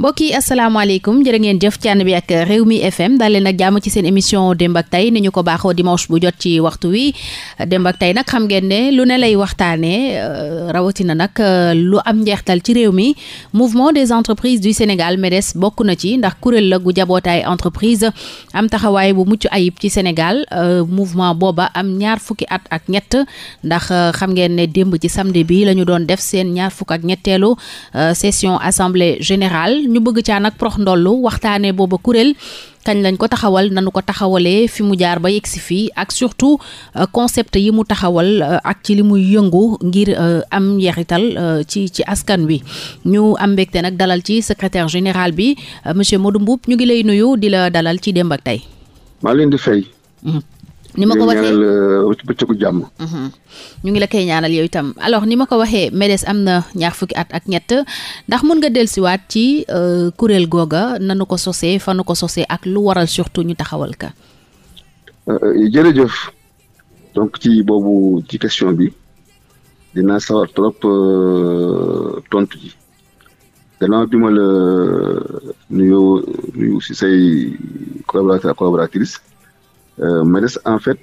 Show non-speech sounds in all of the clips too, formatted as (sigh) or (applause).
mbokk yi asalaamaaleykum jërë ngeen jëf cànn bi ak réew mi FM daal jàmm ci seen émission démb ak tay ni ñu ko baaxoo dimanche bu jot ci waxtu wi démb ak tay nag xam ngeen ne lu ne lay waxtaanee euh, rawatina nag euh, lu am njeextal ci réew mi mouvement des entreprises du Sénégal MEDES bokk na ci ndax kuréel la gu jabootaay entreprise am taxawaay bu mucc ayib ci Sénégal euh, mouvement booba am ñaar fukki at ak ñett ndax euh, xam ngeen ne démb ci samedi bi la ñu doon def seen ñaar fukk ak ñetteelu euh, session assemblée générale ñu bëgg caa nag prox ndollu waxtaanee booba kuréel kañ lañ ko taxawal nañu ko taxawalee fi mu jaar ba yegsi fii ak surtout euh, concept yi mu taxawal euh, ak ci li muy yëngu ngir euh, am njeexital ci ci askan wi ñu am mbégte nag dalal ci secretaire général bi monsieur Modou Mboup ñu ngi lay nuyu di la dalal ci démb ak tey. maa leen di fay. Mmh. ni ma ko waxee uh, bëccëgu jàmm mhm. ñu ngi la koy ñaanal yow itam alors ni ma ko waxee MEDES am na ñaar fukki at ak ñett ndax mun nga si waat ci uh, kuréel googa na nanu ko sosee fanu ko sosee ak lu waral surtout ñu taxawal ka uh, jërëjëf donc ci boobu ci question bi dinaa sawar trop tontu ji gannaaw bi ma la nuyoo nuyu si say collaborateur collaboratrice Euh, MEDES en fait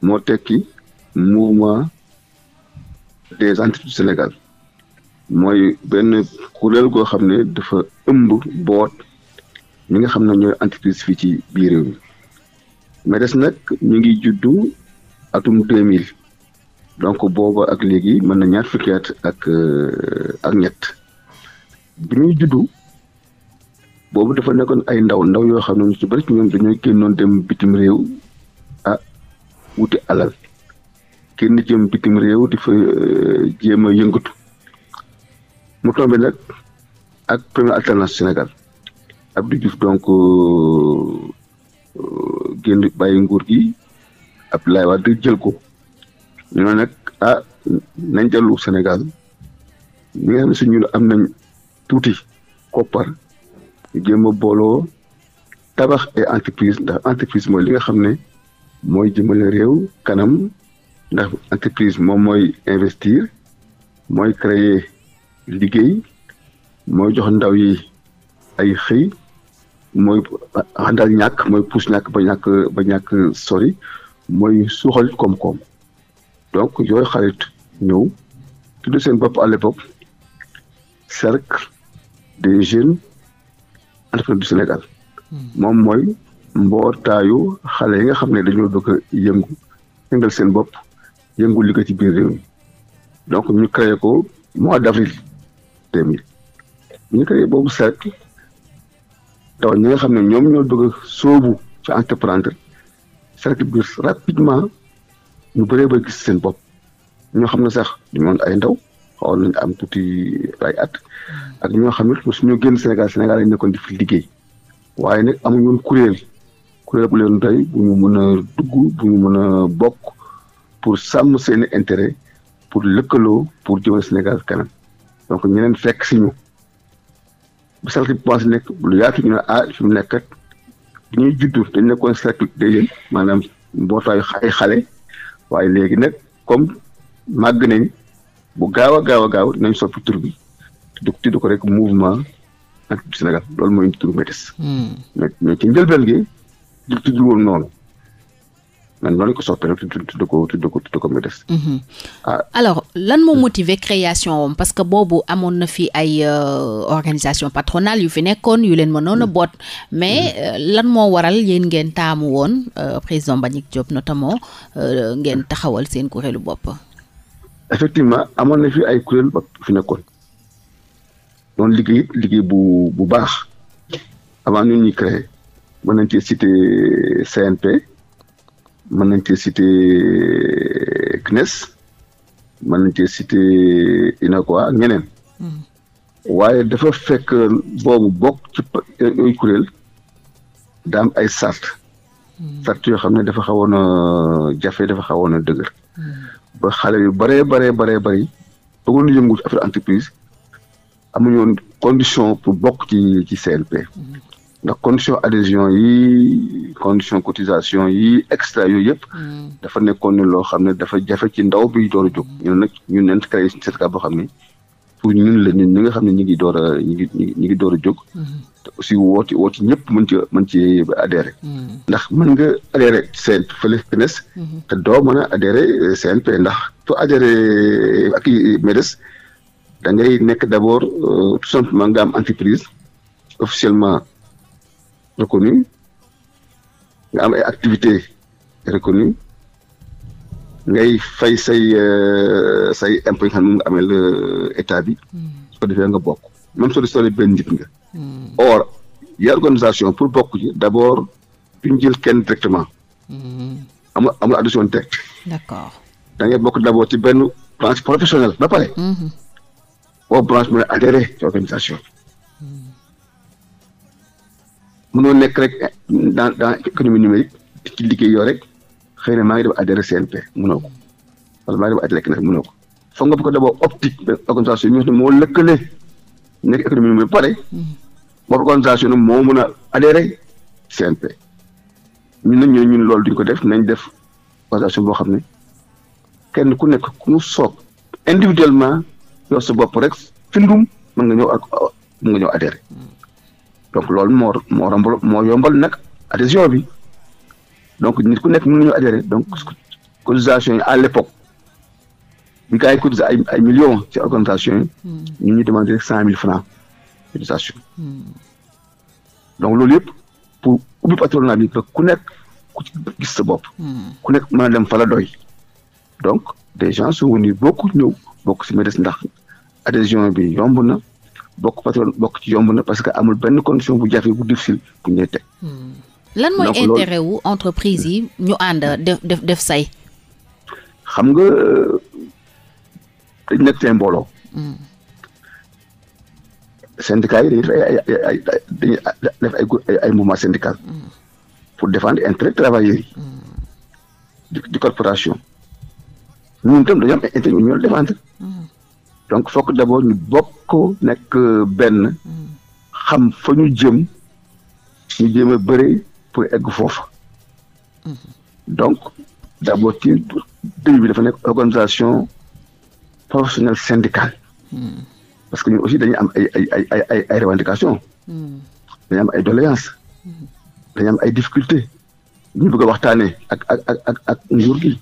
moo tekki mouvement des entre du Sénégal mooy benn kuréel goo xam ne dafa ëmb boot ñi nga xam ne ñooy entreprise fii ci biir réew MEDES nag ñu ngi juddu atum 2000 donc booba ak léegi mën na ñaar fukki at ak euh, ak ñett bi juddu. boobu dafa nekkoon ay ndaw ndaw yoo xam ne ñu ci bëri ci ñoom dañoo génnoon dem bitim réew ah wuti alal kenn jëm bitim réew di fa euh, a yëngatu mu tombé nag ak première alternance Sénégal Abdou Diouf donc euh, euh, génn bàyyi nguur gi Abdoulaye Wade jël ko ñu ne nag ah nañ dellu Sénégal ñi nga xam ne si ñun am nañ tuuti koppar. jéem booloo tabax ay entreprise ndax mooy li nga xam ne mooy jëmale réew kanam ndax moom mooy investir mooy créer liggéey mooy jox ndaw yi ay xëy mooy àndal ñàkk mooy pousse ñàkk ba ñàkk ba ñàkk sori mooy suuxal koom-koom donc yooyu xarit ñëw tudd seen bopp à cercle des jeunes entreprise du Sénégal moom mooy mbootaayu xale yi nga xam ne dañoo bëgg a yëngu yëngal seen bopp yëngu liggéey ci biir réew mi donc ñu créé ko mois d' avril deux mille ñu créé boobu cercle taw ñi nga xam ne ñoom ñoo bëgg soobu sóobu ci entreprendre cercle rapidement ñu bëree ba gis seen bopp ñoo xam ne sax du ñu ay ndaw xawoon nañ am tuuti ay at ak ñoo xam ne mosu ñu génn Sénégal Sénégal lañ nekkoon di fi liggéey waaye nag amuñu woon kuréel kuréel bu leen tey bu ñu mën a dugg bu ñu mën a bokk pour sàmm seen intérêt pour lëkkaloo pour jëmale Sénégal kanam donc ñeneen fekk si ñu bu cercle bi commencé nekk lu yaatu ñu ne ah fi mu nekkat bi ñuy juddu dañ nekkoon cercle day yéen maanaam mbootaayu ay xale waaye léegi nag comme màgg nañ bu gaaw a gaaw a gaaw dinañ soppi tur bi du tudd ko rek mouvement ak loolu hmm. woon noonu man noonu ko soppi rek tudd ko tudd ko tudd hmm. ah. alors lan moo motiver création wam parce que boobu amoon na fi ay euh, organisation patronale yu fi nekkoon yu leen mënoon a hmm. boot mais euh, lan moo waral yéen ngeen taamu woon euh, président Mbagnick Diop notamment ngeen taxawal seen kuréelu bopp. effectivement amoon na fi ay kuréel ba fi nekkoon doon liggéey liggéey bu bu baax avant ñun ñuy créé mën nañ cee cité CNP mën nañ cee cité CNES mën nañ cee cité UNACOIS ak hmm. waaye dafa fekk boobu bokk ci yooyu kuréel daam ay sart sart hmm. yoo xam ne dafa xawoon a jafe dafa xawoon a dëgër hmm. ba xale yu bëree bëree bëree bëri bëggoon na yëngu ci affaire entreprise amuñu woon condition pour bokk ci ci CLP. ndax condition adhésion yi condition cotisation yi extra yooyu yëpp. Hmm. dafa nekkoon ne loo xam ne dafa jafe ci ndaw bi door a jóg. ñu ne nag ñu neen créé certificat boo xam ne pour ñun la ñun nga xam ne ñu ngi door a ñu ngi ngi door a jóg. Mm-hmm. te aussi woo ci woo ci ñëpp mën ci mën ci adhéré. Mm-hmm. ndax mën nga adhéré seen fële FNES. Mm-hmm. te doo mën a adhéré euh, ndax soo adhéré euh, ak euh, MEDES da nekk d' abord tout simplement nga am entreprise officiellement reconnue nga am ay activités reconnues ngay fay say euh, say impôt yi nga xam ameel euh, état bi. Hmm. su defee nga bokk même soo di benn nit nga. Hmm. or ya organisation pour bokk ci d' abord duñ jël kenn directement. Hmm. amul amul addition teg. d' da ngay bokk d' ci benn branche professionnelle ba pare. boo branche mën a adhéré organisation bi. mënoo nekk rek eh, dans dans économie numérique ci liggéey yoo rek. xëy na maa ngi def adhéré CNP mënoo ko wala maa ngi def adhéré CNP mënoo ko foog nga ko d'abord optique benn organisation bi nga xam ne moo lëkkale nekk économie bi pare mm-hmm. boobu organisation moo mën a adhéré CNP ñun nag ñun ñu loolu duñ ko def nañ def organisation boo xam ne kenn ku nekk ku mu soog individuellement yow sa bopp rek findum mën nga ñëw ak mën nga ñëw adhéré mm-hmm. donc loolu moo moo yombal nag adhésion bi. donc nit ku nekk mën nañoo adhéré donc cotisation yi à l' époque bi gars yi cotisé ay ay millions ci organisation ñu ñu demandé rek cent mille francs cotisation. Hmm. donc loolu yëpp pour ubbi patronat bi ku nekk ku ci gis sa bopp. Hmm. ku nekk mën a dem fa la doy. donc des gens sont venus beaucoup ñëw bokk si MEDES ndax adhésion bi yomb na bokk patron bokk ci yomb na parce que amul benn condition bu jafe bu difficile bu ñu lay lan mooy intérêt wu entreprise yi ñu ànd def def def say. xam nga dañ nekk seen mbooloo. Hmm. syndicat yi dañuy def ay dañuy def ay hmm. pour défendre intérêt travailleurs yi. Hmm. di corporation. ñun itam dañoo donc fokk d'abord ñu bokk nekk benn. xam fa ñu jëm. ñu jéem a pour egg foofu mhm. donc d'abord ci dëgg bi dafa nekk organisation professionnelle syndicale mhm. parce que ñun aussi dañuy am ay ay ay ay ay mhm. am ay doléances dañ am ay difficultés ñu bëgg waxtaanee ak ak ak ak nguur gi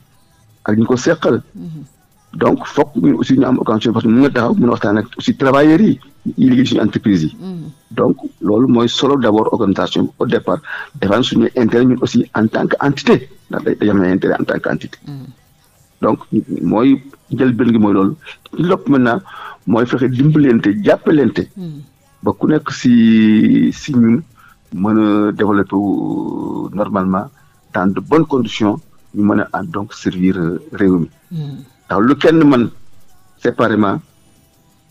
ak ñu ko seqal donc foog ñun aussi ñu am occasion parce que mën na taxaw mën a waxtaan ak aussi travailleurs yi yi liggéey entreprise yi. Mm. donc loolu mooy solo d' abord organisation au départ défendre suñu intérêt ñun aussi en tant que entité ndax day am na mm. donc mooy njëlbeen gi mooy loolu ci lopp naa mooy fexe dimbalante jàppalante. Mm. ba ku nekk si si ñun mën a développer normalement dans de bonnes conditions ñu mën a ah, donc servir euh, réew mi. ndax lu kenn man séparément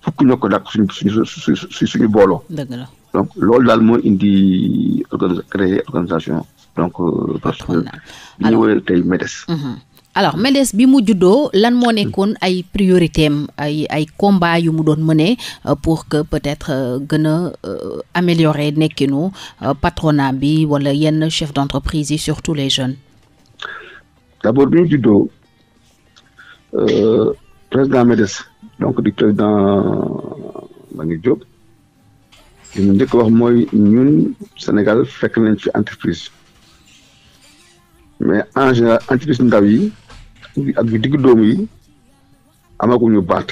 fukk ñoo ko dàq suñu booloo. dëgg la donc loolu daal moo indi organi créer organisation donc euh, parce que bi ñu woowee tey mhm. alors MEDES bi mu juddoo lan moo nekkoon ay priorité am ay ay combat yu mu doon mëne euh, pour que peut-être euh, gën a améliorer nekkinu patronat bi wala yenn chef d'entreprise yi surtout les jeunes. d'abord bi ñu juddoo. Euh, président MEDES donc di président Mbagnick Diop li mu njëkk wax mooy ñun Sénégal fekk nañ fi entreprise mais en général entreprise ndaw yi ak yu diggu dóomu yi amaguñu baat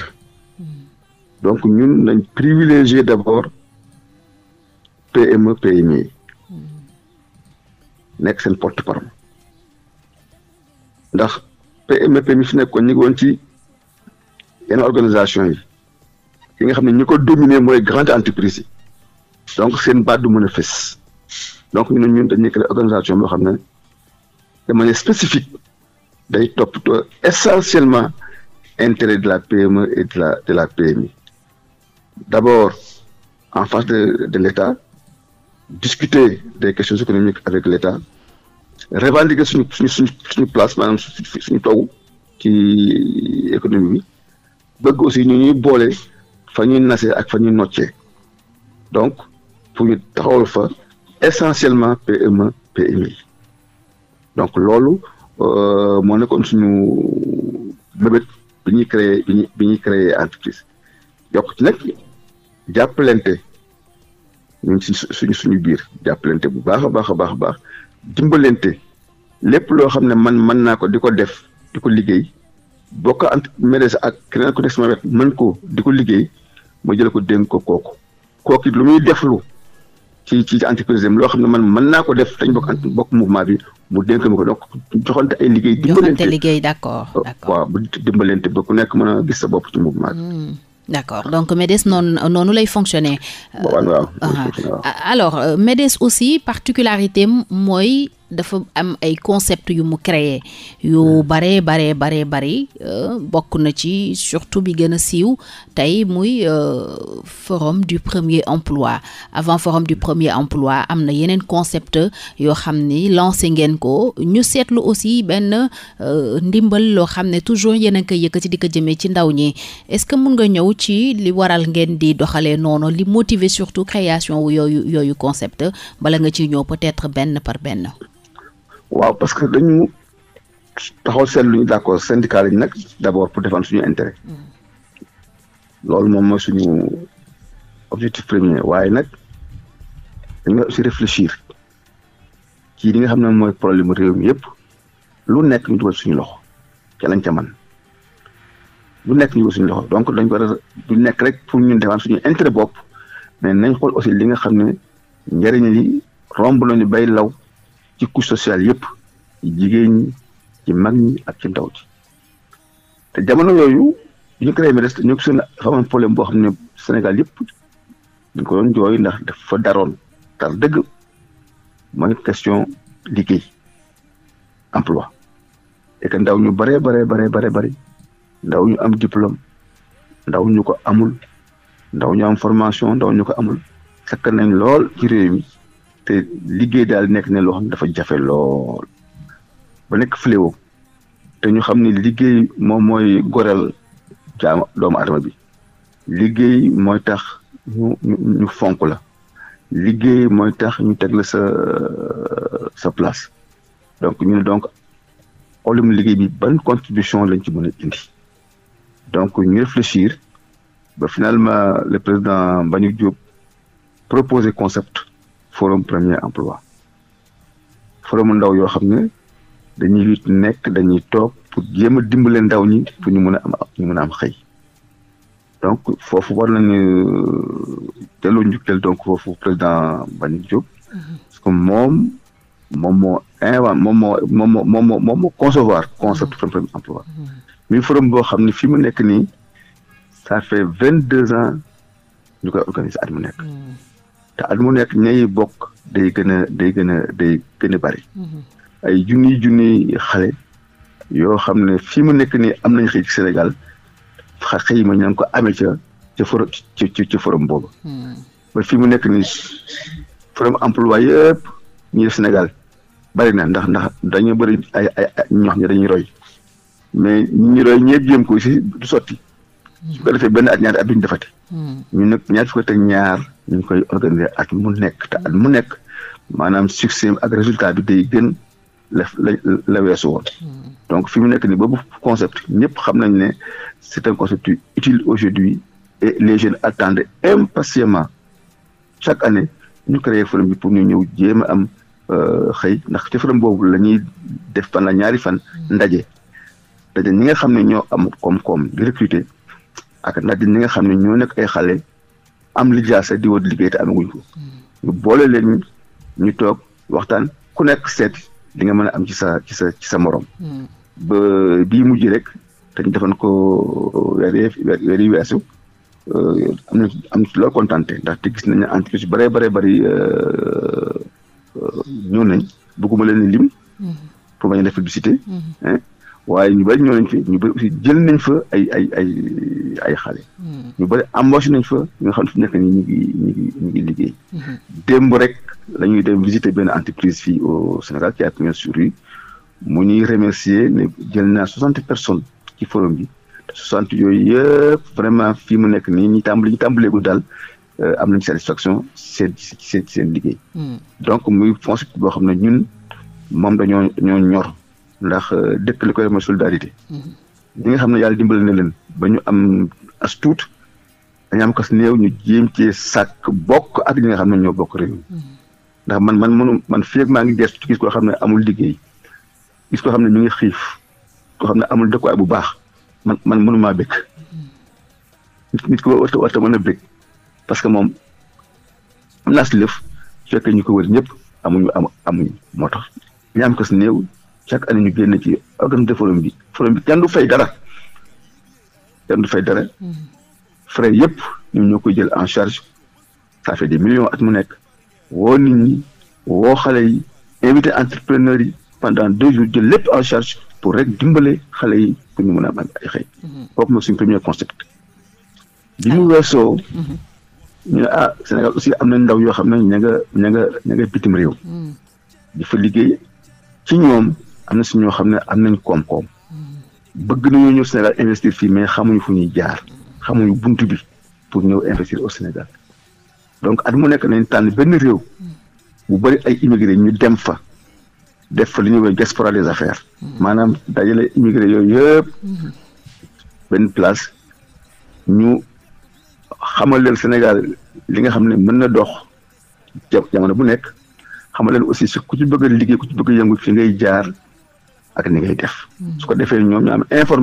donc ñun nañ privilégier d'abord PME PMI nekk seen porte-parole ndax PMP mi fi nekkoon ñu ngi woon ci yenn organisation yi ki nga xam ne ñi ko dominer mooy grande entreprise yi donc seen baat du mën a donc ñu ne ñun dañuy organisation boo xam ne de manière spécifique day toppatoo essentiellement intérêt de la PME et de la de la PMI d'abord en face de de l'État discuter de questions économiques avec l'État revendiquer suñu suñu suñu suñu place maanaam suñu toogu ci économie bi bëgg aussi ñu ñuy boole fa ñuy nasee ak fa ñuy noccee donc pour ñu taxawal fa essentiellement PME PMI donc loolu euh, moo nekkoon suñu bébét bi ñuy créer bi créer entreprise yokk ci nag jàppalante ñun si suñu suñu biir jàppalante bu baax a baax a baax a baax dimbalente lépp loo xam ne man mën naa ko di ko def di ko liggéey boo ko entreprise ak keneen ku nekk sama wet mën ko di ko liggéey moo jël ko dénk ko kook kooku lu muy deflu ci ci entreprise loo xam ne man mën naa ko def dañ bokk ent bokk mouvement bi mu denk ma ko donc joxante ay liggéey. dimbalante joxante liggéey d'accord oh, d'accord waaw bu dimbalante ba ku nekk mën a gis sa bopp ci mouvement bi. Hmm. d'accord donc MEDES noonu noonu lay fonctionner. waaw euh, euh, ah. alors euh, MEDES aussi particularité mooy dafa am ay concept yu mu créer yu hmm. bare bare bare bari euh, bokk na ci surtout bi gën a siiw tey muy euh, forum du premier emploi avant forum du premier emploi am na yeneen concept yoo xam ni lancé ngeen ko ñu seetlu aussi benn euh, ndimbal loo xam ne toujours yéen a ngi koy yëkkati di ko jëmee ci ndaw ñi est-ce que mun nga ñëw ci li waral ngeen di doxalee noonu li motiver surtout création yooyu yooyu concept bala nga ci ñëw peut-être benn par benn waaw parce que dañu taxaw seetlu ñu d' accord syndicat lañu nag d' abord pour défendre suñu intérêt mm. loolu moom mooy suñu objectif premier waaye nag dañu war aussi réfléchir ci li nga xam ne mooy problème réew mi yëpp lu nekk ñu dugal suñu loxo ca lañ ca man lu nekk ñu dugal suñu loxo donc dañ ko war a du nekk rek pour ñun défendre suñu intérêt bopp mais nañ xool aussi li nga xam ne njëriñ li romb nañu bay law ci couche sociale yëpp ci jigéen ñi ci mag ñi ak ci ndaw ci te jamono yooyu ñu créé MEDS ñu ko seen dafa amoon problème boo xam ne Sénégal yëpp ñu ko doon jooy ndax dafa daroon tar dëgg mooy question liggéey emploi et que ndaw ñu bare bare bare bare bëri ndaw ñu am diplôme ndaw ñu ko amul ndaw ñu am formation ndaw ñu ko amul sakk nañ lool ci réew mi te liggéey daal nekk ne loo xam ne dafa jafe lool ba nekk fléau te ñu xam ne liggéey moom mooy goreel jaam doomu adama bi liggéey mooy tax ñu ñu fonk la liggéey mooy tax ñu teg la sa sa place donc ñu ne donc xoolum liggéey bi ban contribution lañ ci mën a indi donc ñu réfléchir ba finalement le président bañu Diop proposé concept forum premier emploi forum ndaw yoo xam ne dañuy nekk dañuy toog pour jéem a dimbale ndaw ñi pour ñu mën a am ñu mën a am xëy donc foofu war nañu euh, delloo njukkeel donc foofu président Mbagnick Diop mhm. parce que moom moom moo invent moom moo moom moo moom moo moom moo concevoir concept forum mhm. premier emploi mhm. mi forum boo xam ne fi mu nekk nii ça fait vingt deux ans ñu koy organiser at mu nekk te at mu nekk ñay bokk day gën a day gën a day gën a bari. ay junniy junniy xale yoo xam ne fii mu nekk nii am nañ xëy ci Sénégal xa xëy ma ña ngi ko amee ca ca forom ci ci forom boobu. Hmm. ba fii mu nekk nii forom emploi yëpp ñuy def Sénégal bari na ndax ndax dañoo bëri ay ay ñoo xam ne dañuy roy mais ñu roy ñëpp jéem ko si sotti. Hmm. ko defee benn at ñaari at hmm. ñaar. ñu ngi koy organiser at mu nekk te at mu nekk maanaam succès ak résultat bi day gën la la woon hmm. donc fi mu nekk nii boobu concept ñëpp xam nañ ne c'est un concept utile aujourd'hui et les jeunes attendent impatiemment chaque année ñu créer forum bi pour ñu ñëw jéem a am euh, xëy ndax ci boobu la ñuy def fan la ñaari fan hmm. ndaje ndaje ñi nga xam ne ñoo am koom-koom di recruter ak ndaje ñi nga xam ne ñoo nekk ay xale am lijaasa di wër liggéey te amaguñ ko ñu boole leen ñu toog waxtaan ku nekk seet li nga mën a am ci sa ci sa ci sa morom. bii mujj rek te ñu defoon ko weer yii weesu euh, am na am ci loolu ndaxte gis nañ ne entreprise yu bëree bëree bëri euh, euh, ñëw nañ bëgguma leen lim. Mm-hmm. pour bañ a def waaye ñu bëri ñoo nañ fi ñu bëri jël nañ fa ay ay ay ay xale. Hmm. ñu am embauché nañ fa ñu xam ne fi nekk nii ñu ngi ñu ngi liggéey. Hmm. démb rek lañuy ñuy dem visiter benn entreprise fii au Sénégal qui a première sur mu ñuy remercier ne jël naa soixante personnes ci forum bi soixante yooyu yëpp vraiment fii mu nekk nii ñi tàmbali ñu daal. Euh, am nañu satisfaction seen seen seen liggéey. Hmm. donc muy fonds boo xam ne ñun moom dañoo ñoo ñor ndax euh, dëkk li koy solidarité. ñi nga xam ne yàlla dimbale na leen ba ñu am as tuut dañu am kas néew ñu jéem ci sàkk bokk ak ñi nga xam ne ñoo bokk réew mi ndax man man mënu man fii maa ngi gestu gis koo xam ne amul liggéey gis koo xam ne ñu ngi xiif koo xam ne amul dëkkuwaay bu baax man man mënumaa bëgg nit nit ko warta warta a bëgg parce que moom am naas lëf fekkee ñu ko wër ñëpp amuñu am amuñu moo tax ñi kas néew chaque année ñu génn ci organiser forum bi forum bi kenn du fay dara kenn du fay dara mm-hmm. frais yëpp ñun ñoo koy jël en charge ça fait des millions at mu nekk woo nit ñi woo xale yi invité entrepreneurs yi pendant deux jours jël lépp en charge pour rek dimbale xale yi pour ñu mën a am ay xëy. Mm-hmm. kooku mooy suñu premier concept. bi mu ñu mm-hmm. ah Sénégal aussi am nañ ndaw yoo xam ne ña nga ña bitim réew. Mm. di fa liggéey ci ñoom. am na si ñoo xam ne am nañ koom-koom bëgg nañoo ñëw Sénégal investir fii mais xamuñu fu ñuy jaar xamuñu bunt bi pour ñëw investir au Sénégal donc at mu nekk nañ tànn benn réew bu bëri ay immigré ñu dem fa def fa li ñuy woowee diaspora des affaires maanaam dajale immigré yooyu yëpp benn place ñu xamal leen Sénégal li nga xam ne mën na dox jamono bu nekk xamal leen aussi si ku ci bëgg a liggéey ku ci bëgg fi ngay jaar ak ni ngay def. su defee ñoom ñu am pour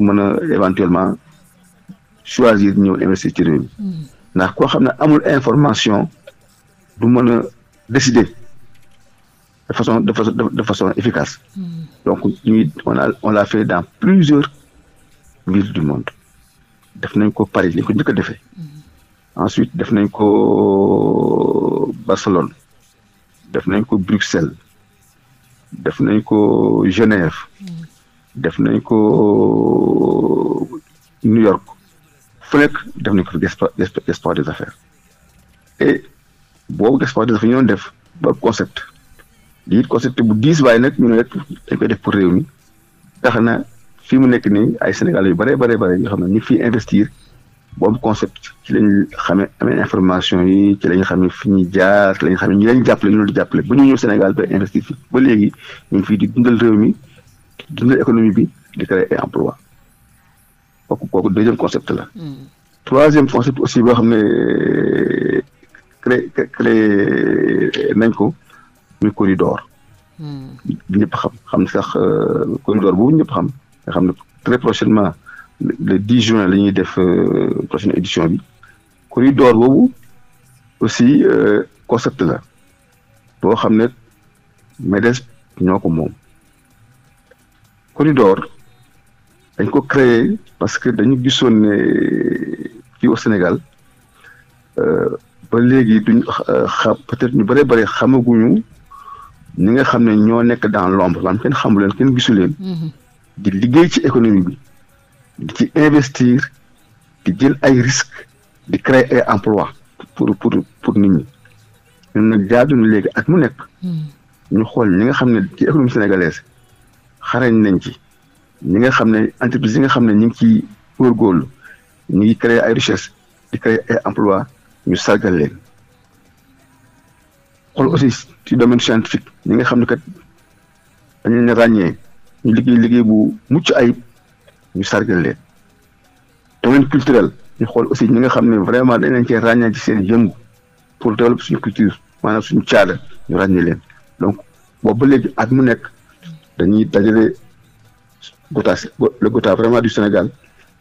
mën a éventuellement choisir ñëw investir ci réew mi koo xam ne amul information du mën a décider de façon de de efficace. donc ñuy on a dans plusieurs villes du monde def nañ ko Paris ñu ko njëkk a defee. ensuite def nañ ko Barcelone def nañ ko Bruxelles. def nañ ko Genève def nañ ko New York fu nekk def nañ ko fi gestoire des affaires e boobu gestoire des affaires ñoo def ba concept lii concept bu diis waaye nag ñu ne rek dañ koy def pour réew mi tax na fii mu nekk nii ay Sénégalais yu bëree bare bëri yoo xam ne ñu ngi investir bu am concept ci lañ xamee amee information yi ci lañ xam ne fi ñuy jaar ci lañ xam ne ñu leen jàppale ñu jàppale ba ñu ñëw Sénégal ba investir fi ba léegi ñu ngi fii di dundal réew mi dundal économie bi di créer ay emploi kooku kooku deuxième concept la. Hmm. troisième concept aussi boo xam ne créé créé nañ ko muy corridor. Hmm. ñëpp xam xam sax euh, corridor boobu ñëpp xam nga xam ne très prochainement. le 10 juin la ñuy def euh, prochaine édition bi corridor boobu aussi euh, concept la boo xam ne MEDES ñoo ko moom corridor dañ ko créer parce que dañu gisoon ne fii au Sénégal euh, ba léegi duñ xam peut-être ñu bëree bëri xamaguñu ñi nga xam ne ñoo nekk dans l'ombre maanaam kenn xamu leen kenn gisu leen mm-hmm. di liggéey ci économie bi di ci investir di jël ay risques di créer ay emploi pour pour pour nit ñi ñun nag jaaduñu léegi ak mu nekk hmm. ñu xool ñi nga xam ne ci économie sénégalaise xarañ nañ ci ñi nga xam ne entreprise yi nga xam ne ñu ngi ciy góorgóorlu ñu ngi créer ay richesse di créer ay emploi ñu sargal xool aussi ci domaine scientifique ñi nga xam ne kat dañu leen ràññee ñu liggéey liggéey bu mucc ay ñu sargal leen domaine culturel ñu xool aussi ñi nga xam ne vraiment dañ leen cee ràññee ci seen yëngu pour développer suñu culture maanaam suñu caada ñu ràññee leen donc boobu ba léegi at mu nekk dañuy dajale gota le gota vraiment du Sénégal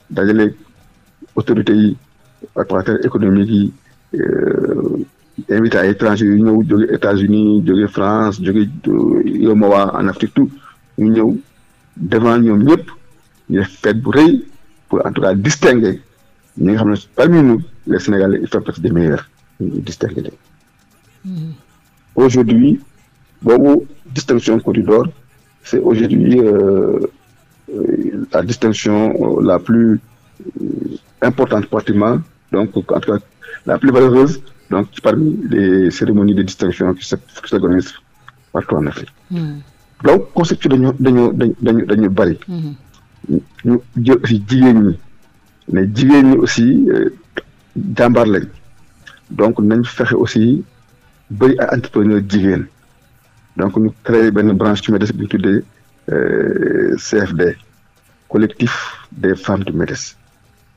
dajale autorités yi opérateurs économiques yi euh, invité ay étrangers yu ñëw jóge États-Unis jóge France jóge yow euh, ma waa en Afrique tout ñu ñëw devant ñoom ñëpp ñu def fête bu rëy pour en tout cas distinguer ñi nga xam ne parmi nous les Sénégalais ils font partie des meilleurs ñu distinguer leen mm-hmm. aujourd'hui boobu distinction Côte d'Or c'est aujourd'hui euh, euh, la distinction euh, la plus importante pratiquement donc en tout cas la plus valeureuse donc parmi les cérémonies de distinction qui s'organisent partout en Afrique. Mm-hmm. donc concept dañu bari. Mm-hmm. ñu jigéen ñi mais jigéen ñi aussi jàmbaar lañ donc nañ fexe aussi bëri ay entrepreneur jigéen donc ñu créé benn branche ci MEDES bi ñu tuddee CFD collectif des femmes du MEDES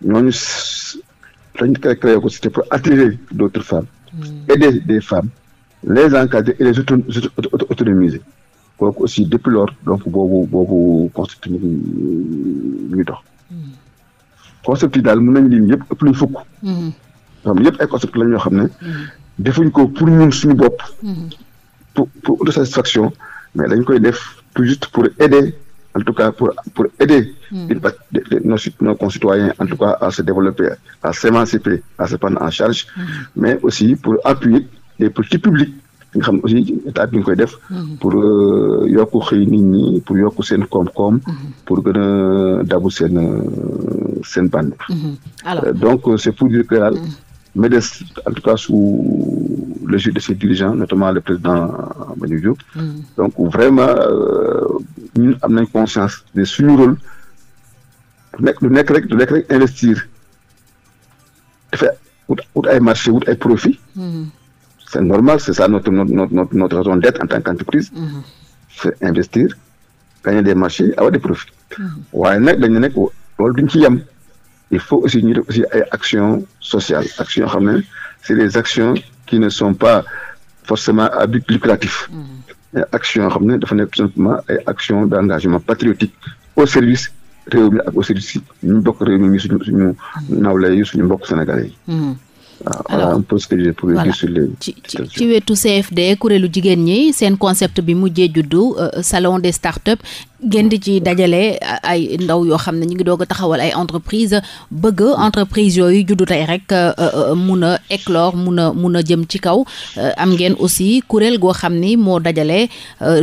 ñooñu dañ koy créé ko c'était pour attirer d'autres femmes aider des femmes les encadrer et les autonomiser kooku aussi depuis lors donc boobu boobu concept ñu ngi dox concept yi daal mën nañ lim yëpp ëpp nañ fukk xam ay concept la ñoo xam ne defuñ ko pour ñun suñu bopp pour pour autosatisfaction mais dañ koy def tout juste pour aider en tout cas pour pour aider hmm. une partie de nos nos concitoyens en tout cas à se développer à s'émanciper à se prendre en charge hmm. mais aussi pour appuyer les politiques nga xam aussi état bi nga koy def. Mhm. pour euh, yokk xëy pour yokk seen koom-koom. Mhm. pour gën a dabu seen euh, seen bànn. Mhm. Euh, donc c'est pour dire que daal MEDES en tout cas sous l'égide de ses dirigeants notamment le président Mbagnick Diop. donc vraiment ñun am nañ conscience de suñu nekk du nekk rek du nekk rek investir dafa wut ay marché wut ay profit. C'est normal, c'est ça notre, notre, notre, raison d'être en tant qu'entreprise. Mhm. c'est investir gagner des marchés avoir des profits. Mhm. waaye nag dañu nekk loolu duñ ci yem. il faut aussi ñu aussi ay action sociales actions yoo xam ne c'est les actions qui ne son pas forcément à but lucratif. Mhm. action actions yoo xam ne dafa nekk simplement ay actions d'engagement patriotique au service. réew mi ak aussi si ñu bokk réew mi suñu suñu nawle suñu mbokk sénégalais waaw ah, voilà un peu ce que j'ai publié sur les ci ci wetu CFD kuréelu jigéen ñi seen concept bi mujjee juddu euh, salon des startups ngeen di ci dajale ay ndaw yoo xam ne ñu ngi doog taxawal ay entreprise bëgg entreprise yooyu juddu tey rek euh, euh, mun a éclore mun a mun a jëm ci kaw euh, am ngeen aussi kuréel goo xam ni moo dajale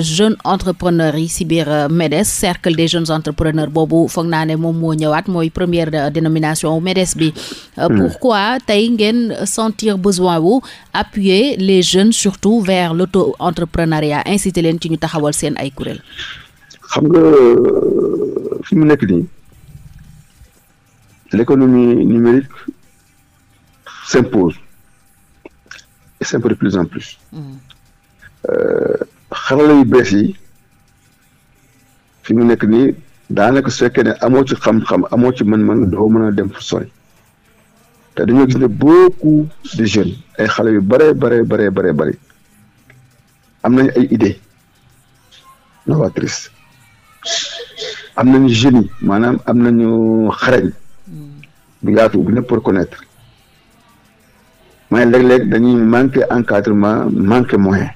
jeune entrepreneur yi si biir MEDES cercle des jeunes entrepreneurs boobu foog naa ne moom moo ñëwaat mooy première dénomination MEDES bi hmm. pourquoi tey ngeen sentir besoin wu appuyer les jeunes surtout vers l'auto entrepreneuriat inciter leen ci ñu taxawal seen ay kuréel xam nga fi mu nekk nii l'économie numérique s'impose et s'impose de plus en plus mm-hmm. euh, xarala yu bees yi fi mu nekk nii daanaka su fekkee ne amoo ci xam-xam amoo ci man man doo mën a dem fu sori te dañoo gis ne beaucoup de jeunes ay xale yu bare bare bare bare bëri am nañ ay idées novatrices am nañu génie maanaam am nañu xareñ bu hmm. yaatu bu ñëpp reconnaître mais léeg-léeg dañuy manqué encadrement manqué moyen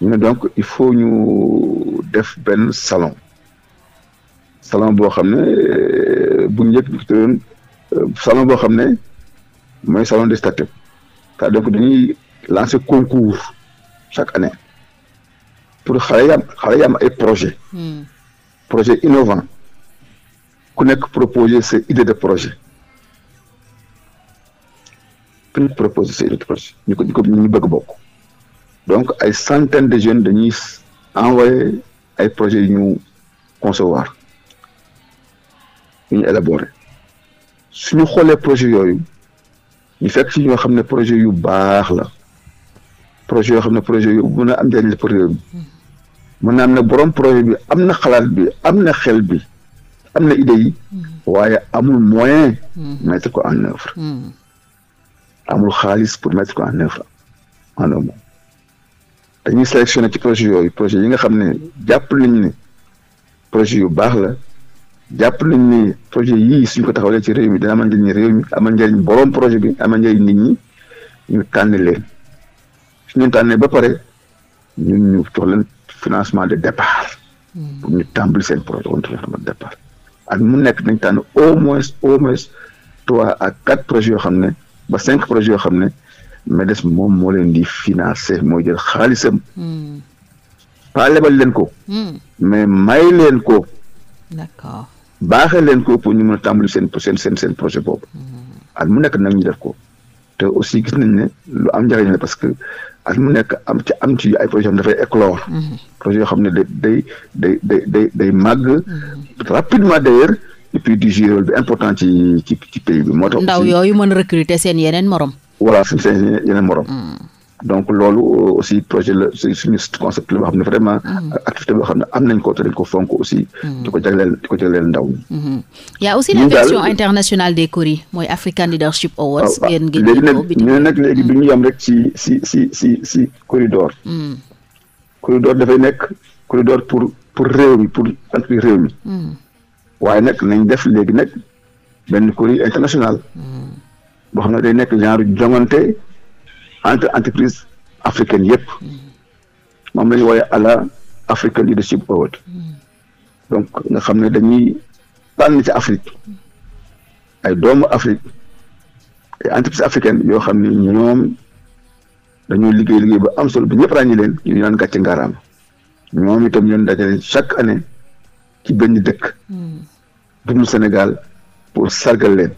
ne donc il faut ñu def benn salon salon boo xam ne euh, bu njëkk euh, salon boo xam ne mooy salon de start-up donc dañuy lancer concours chaque année pour xale yi am ay projet hmm. projet innovant ku nekk proposer sa idée de projet ku nekk proposer sa idée de projet ñu ko ko ñu bëgg bokk donc ay centaines de jeunes dañuy envoyé ay projets yu ñu concevoir yu ñu élaborer suñu xoolee projet yooyu ñu fekk ci ñoo xam ne projet yu baax la projet yoo xam ne projet yu mën a am njëriñ la pour mun naa am na boroom projet bi am na xalaat bi am na xel bi am na idée yi mm-hmm. waaye amul moyen mm-hmm. mettre ko en œuvre mm-hmm. amul xaalis pour mettre ko en œuvre en un mot dañuy sélectionné ci projet yooyu projet yi nga xam ne jàpp nañ ni projet yu baax la jàpp nañ ni projet yii suñ ko taxawalee ci réew mi dana amal njëriñ réew mi amal njëriñ borom projet bi amal njëriñ nit ñi ñu tànn leen suñu tànnee ba pare ñun ñu jox financement de départ. Hmm. pour ñu tàmbali seen projet woon mu nekk dañ tànn au moins au moins trois à quatre projets yoo xam ne ba cinq projets yoo xam ne MEDES moom moo leen di financer moo jël xaalisam. Hmm. pas lebal leen ko. Hmm. mais may leen ko. d'accord baaxee leen ko pour ñu mën a tàmbali seen seen seen seen projet boobu. ak mu nekk nag ñu def ko. te aussi gis nañ ne lu am njëriñ la parce que at mu nekk am ci am ci ay projet yoo xam éclore mhm. projet yoo xam ne day day day day day day màgg mhm. rapidement d'ailleurs et puis di jouer bi important ci ci ci pays bi moo tax ndaw yooyu mën recruter seen yeneen morom voilà seen seen yeneen morom mhm. donc loolu euh, aussi projet la suñu concept la boo xam ne vraiment mm-hmm. activité boo xam ne am nañ ko te dañ ko fonk aussi mm-hmm. di ko jagleel ndaw ñi mm-hmm. a aussi la version internationale des CORI mooy African Leadership Awards ah, ah, ngeen ngeen léegi nag nag léegi du ñu yam rek ci si si si si corridor corridor dafay nekk corridor pour réew mi pour entreprise réew mi waaye nag nañ def léegi nag benn CORI international boo xam ne day nekk genre jongante entre entreprise africain yëpp moom la ñu wooyee à la Leadership Award donc nga xam ne dañuy tànn ci Afrique ay doomu Afrique ay entreprise africaine yoo xam ne ñoom dañoo liggéey liggéey ba am solo bi ñëpp ràññi leen ñu naan gàcce ngaaraama ñoom itam ñoon dajale chaque année ci benn dëkk duglu Sénégal pour sargal leen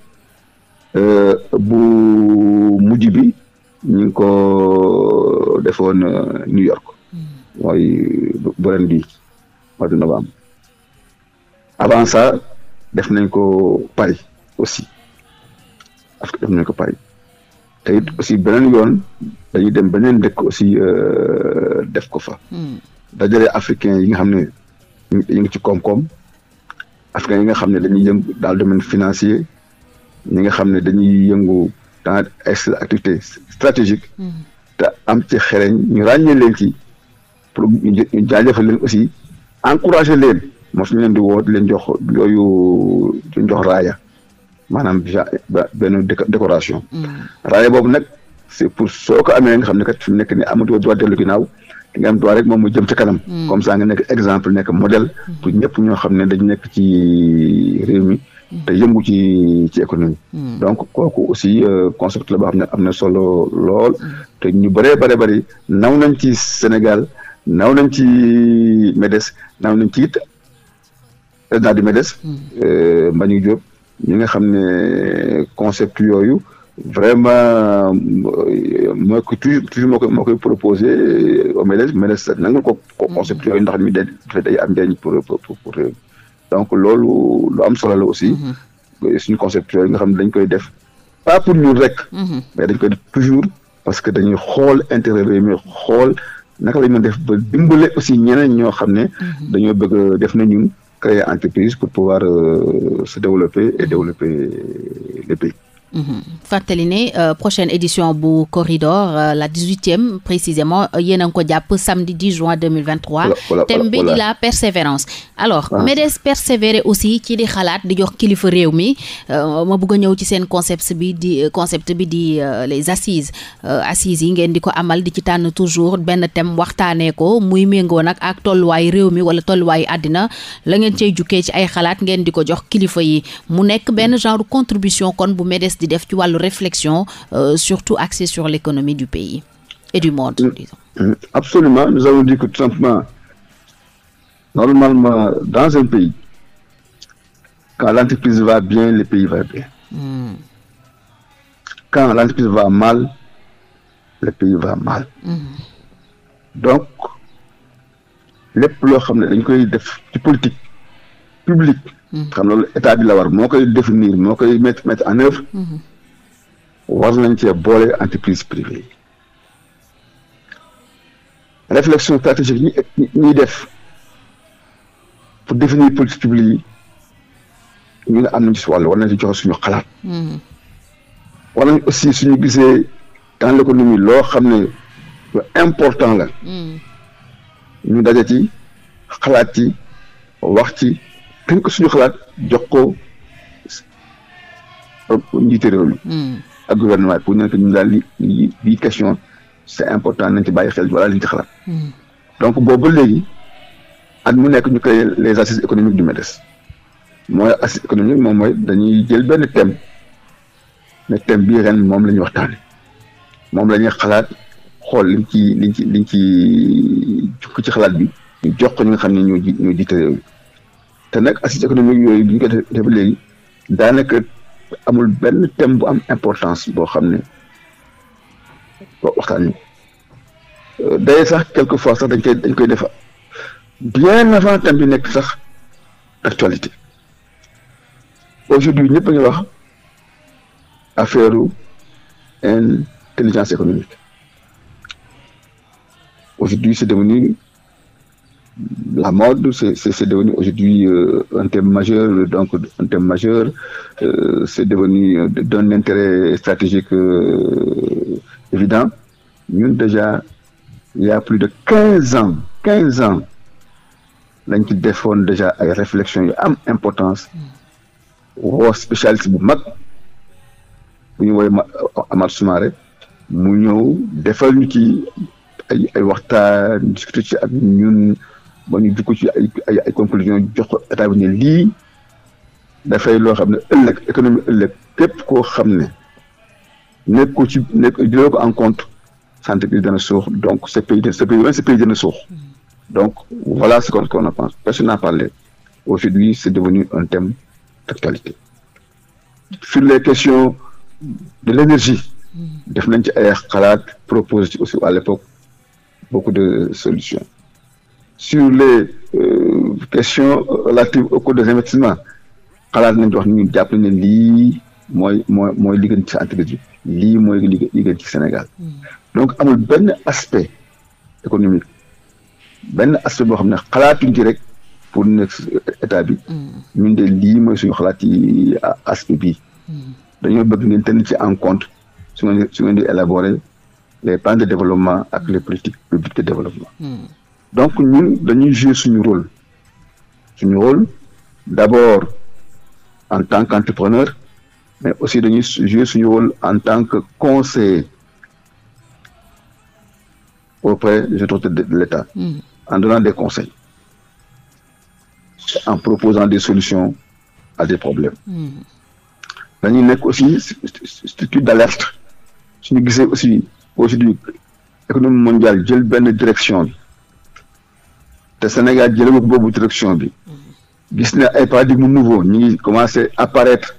euh, bu mujj bi ñu ngi ko defoon euh, New York hmm. mooy bu ren bi mois de avant ça def nañ ko Paris aussi Afrique def nañ ko Paris te it aussi beneen yoon dañuy dem beneen dëkk aussi euh, def ko fa hmm. dajale africain yi nga xam ne ñu ngi ci koom-koom africain yi nga xam ne dañuy yëngu daal le domaine financier ñi nga xam ne dañuy yëngu dans activité stratégique hmm. te am ci xereñ ñu ràññee leen ci pour ñu jaajëfal leen aussi encouragé leen moo suñu leen di woo di leen jox yooyu di jox raaya maanaam benn décoration hmm. raaya boobu nag c'est pour soo ko amee nga xam ne kat fi mu nekk ni amatoo droit dellu ginnaaw di nga am droit rek moom mu jëm ci kanam hmm. comme ça nga nekk exemple nekk modèle pour ñëpp ñoo xam ne dañu nekk ci réew te yëngu ci ci économie. Hmm. donc kooku aussi euh, concept la boo xam ne am na solo lool. te ñu bëree bëri bëri naw nañ ci Sénégal naw nañ ci MEDES naw nañ ci it président euh, du MEDES. Hmm. Euh, Mbagnick Diop ñi nga xam ne concept yooyu. vraiment moo ko toujours toujours moo koy moo koy proposé au MEDES MEDES nangul ko hmm. concept yooyu ndax mi day day am njëriñ pour pour pour réew donc loolu lu am solo la aussi. Mhm. suñu conceptuel nga xam ne dañ koy def pas pour ñun rek. Mhm. mais dañ koy def toujours parce que dañuy xool intérêt réew mi xool naka la ñu mën def ba dimbale aussi ñeneen ñoo xam ne. Mhm. dañoo bëgg def na ñun créer entreprise pour pouvoir euh, se développer et développer le pays. Mhm. fàttali ne euh, prochaine édition bu corridor euh, la dix-huitième précisément euh, yéen a ngi ko jàpp samedi 10 juin 2023 thème bi di la persévérance alors ah. MEDES persévérer aussi ci di xalaat di jox kilifa réew mi ma bugg a ñëw ci seen concept bi di concept bi di les assises assises yi ngeen di ko amal di ci tànn toujours benn thème waxtaanee ko muy méngoo nag ak tolluwaay réew mi wala tolluwaayu àddina la ngeen cey jukkee ci ay xalaat ngeen di ko jox kilifa yi mu nekk benn genre contribution kon di def ci wàllu réflexion euh, surtout axée sur l'économie du pays et du monde mm. disons. Mm. Absolument, nous avons dit que tout simplement normalement dans un pays quand l'entreprise va bien le pays va bien. Mm. Quand l'entreprise va mal le pays va mal. Mm. Donc lépp loo xam ne politique publique xam loolu état bi la war moo koy définir moo koy mettre mettre en œuvre. Mm-hmm. war nañ cee boole entreprise privée yi. réflexion stratégique ñi ñuy def pour définir politique publique yi ñu ne am nañ ci wàll war nañ ci joxe suñu xalaat. Mm-hmm. war nañ aussi suñu gisee dans l'économie loo xam ne important la. Mm-hmm. ñu daje ci xalaat ci wax ci. tënk suñu xalaat jox ko njiité réew mi hmm. ak gouvernement pour ñu ne que daal li li question c' important nañ ci bàyyi xel wala liñ ci xalaat hmm. donc boobu léegi at mu nekk ñu créé les assises économiques du MEDES mooy assise économique moom mooy dañuy jël benn thème ne thème bii ren moom la ñuy waxtaane moom la xalaat xool liñ ci liñ ci liñ ci jukki ci xalaat bi ñu jox ko ñi nga xam ne ñoo ji ñoo réew mi te nag assise économique yooyu bi ñu ko defee ba léegi daanaka amul benn thème bu am importance boo xam ne waxtaan ñu euh, day sax quelque fois sax dañ koy dañ koy def bien avant thème bi nekk sax actualité aujourd'hui ñëpp a ngi wax affaire intelligence économique aujourd'hui c'est devenu la mode, c'est devenu aujourd'hui euh, un thème majeur, donc un thème majeur, euh, c'est devenu euh, d'un intérêt stratégique euh, évident. Nous, déjà, il plus de 15 ans, 15 ans, lañ ci defoon déjà ay réflexion yu am importance woo spécialiste bu mag bu ñu woowee Amath Soumaré mu ñëw defal ñu ci ay ay waxtaan discuter ci ak ñun. ba ñu jukku ci ay ay ay conclusion jox ko lii dafay loo xam ne ëllëg économie ëllëg képp koo xam ne nekk ko ci nekk jëloo ko en bi dana suux donc ce pays ce pays ce pays dana suux donc voilà ce qu'on en pense personne n'a parlé aujourd'hui c'est devenu un thème d'actualité sur les questions de l'énergie def nañ ci ay xalaat proposé ci aussi à l'époque beaucoup de solutions sur les euh, questions relatives au cours des investissements xalaat nañ wax ni ñun jàpp nañ ne lii mooy mooy mooy li gën ci entreprise bi lii mooy li gën ci Sénégal hmm. donc amul benn aspect économique benn aspect boo xam ne xalaatuñ ci rek pour nekk état bi hmm. ñun de lii mooy suñu xalaat ci aspect bi hmm. dañoo bëgg ngeen tenir ci en contre su ngeen su ngeen di élaborer les plans de développement ak le politiques publiques de développement donc ñun dañuy jouer suñu rôle suñu rôle d'abord en tant qu'entrepreneur mais aussi dañuy jouer suñu rôle en tant que conseiller auprès des autorités de l'État mmh. en donnant des conseils en proposant des solutions à des problèmes mm-hmm. dañuy nekk aussi statut d'alerte suñu gisee aussi aujourd'hui économie mondiale jël benn direction te Sénégal jëlee ko boobu direction bi gis na ay paradigme nouveau ñu ngi commencé apparaître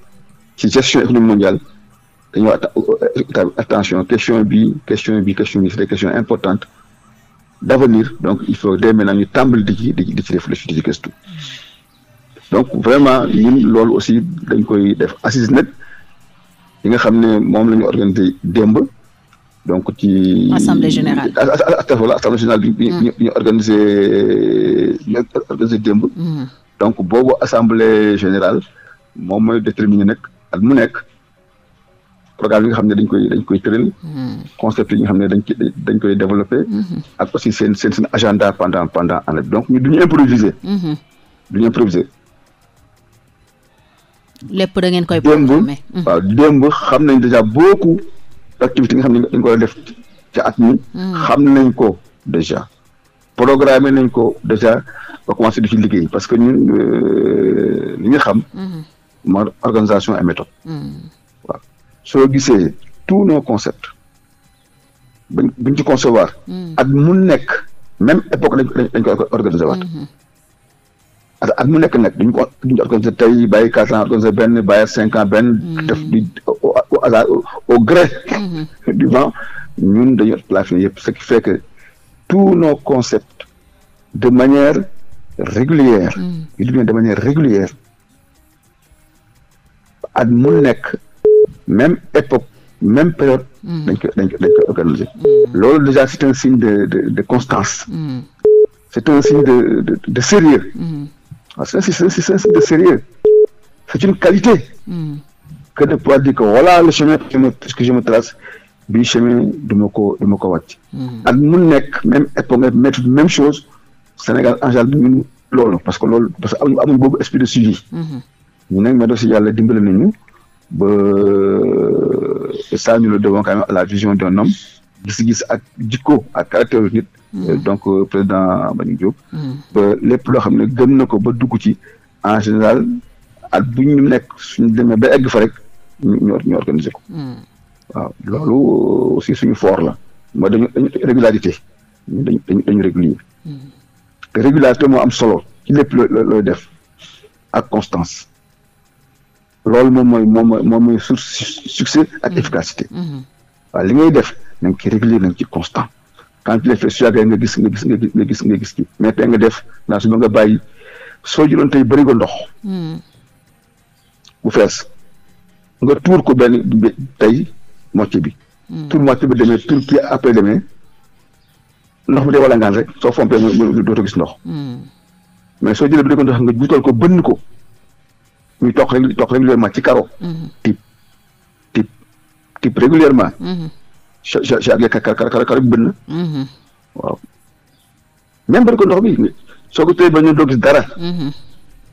ci gestion économique mondiale dañoo euh, attention question bi question bi question bi c'est des questions importantes d'avenir donc il faut dès maintenant ñu di ci di ci réfléchir di ci gëstu donc vraiment ñun loolu aussi dañ koy def assise nag yi nga xam ne moom la ñu organisé donc ci. assemblée générale ah, ah, ah, voilà assemblée générale bi ñu bi ñu mm. mm. donc boobu assemblée générale moom mooy déterminer nag at mu nekk programme yi nga xam ne dañ koy dañ koy tëral. Mm. concept nga xam ne dañ koy dañ koy développé. Mm-hmm. ak seen seen agenda pendant pendant année bi donc ñu du improviser. Mm-hmm. du ñu koy. programmer démb mm-hmm. waaw démb déjà beaucoup. activité yi xam ne dañ koy def ca at mi hmm. xam nañ ko déjà programmé nañ ko déjà o commencé di ci liggéey parce que ñun euh, li xam ma hmm. organisation et méthode hmm. soo gisee tous nos concepts bañ bañ ci concevoir at mu nekk même époque lañ dañ koy organiser ak mu nekk nag duñ ko duñ ko organisé tey bàyyi quatre ans organisé benn bàyyi cinq ans benn. Hmm. def di au au gré. Hmm. (laughs) du vent ñun dañu plafonné yëpp ce qui fait que tous nos concepts de manière régulière. yu hmm. dugg de manière régulière at mu nekk même époque même période. dañ dañ ko dañ loolu déjà c'est un signe de de de constance. c'est un signe de de de sérieux. Ah, c'est sérieux. C'est une qualité. Mm. Que de pouvoir dire que voilà le chemin que je me, que je me trace, le chemin de Moko, de Moko Wati. Mm. À mon nec, même, même chose, Sénégal, en général, loolu parce que loolu parce que amuñu amuñu boobu esprit de suivi. ñu ne mais aussi yàlla dimbali nañu ba euh, ça nous le devons à la vision d'un homme. gis-gis ak jikko ak caractère nit. Hmm. donc euh, président Mbagnick Diop. Hmm. ba lépp loo xam ne gëm na ko ba dugg ci en général at bu ñu nekk suñ demee ba egg fa rek ñu ñu organiser ko. Hmm. loolu aussi suñu fort la mooy dañu dañu régularité dañu dañu dañu régulier régularité moo am solo ci lépp loy def ak constance loolu moom mooy moom mooy moom succès ak efficacité li ngay def na nga ciy régulier na nga ciy constant quand tu le su yàggee nga gis nga gis nga gis nga gis nga gis ki mais tey nga def naa su ba nga bàyyi soo jëloon tey bëri ko ndox bu hmm. fees nga tuur ko benn tey moitié bi hmm. tuur bi demee tuur kii après demee ndox mi dee wala ngaan rek soo fompee dootoo gis hmm. mais soo jëlee bëri ko nga juutal ko bënn ko muy toog rek toog régulièrement ci karo tip tip tip régulièrement ak kàlla kàlla bu bënn. waaw même ko ndox bi soo ko téye ba ñu doo gis dara. Mm-hmm.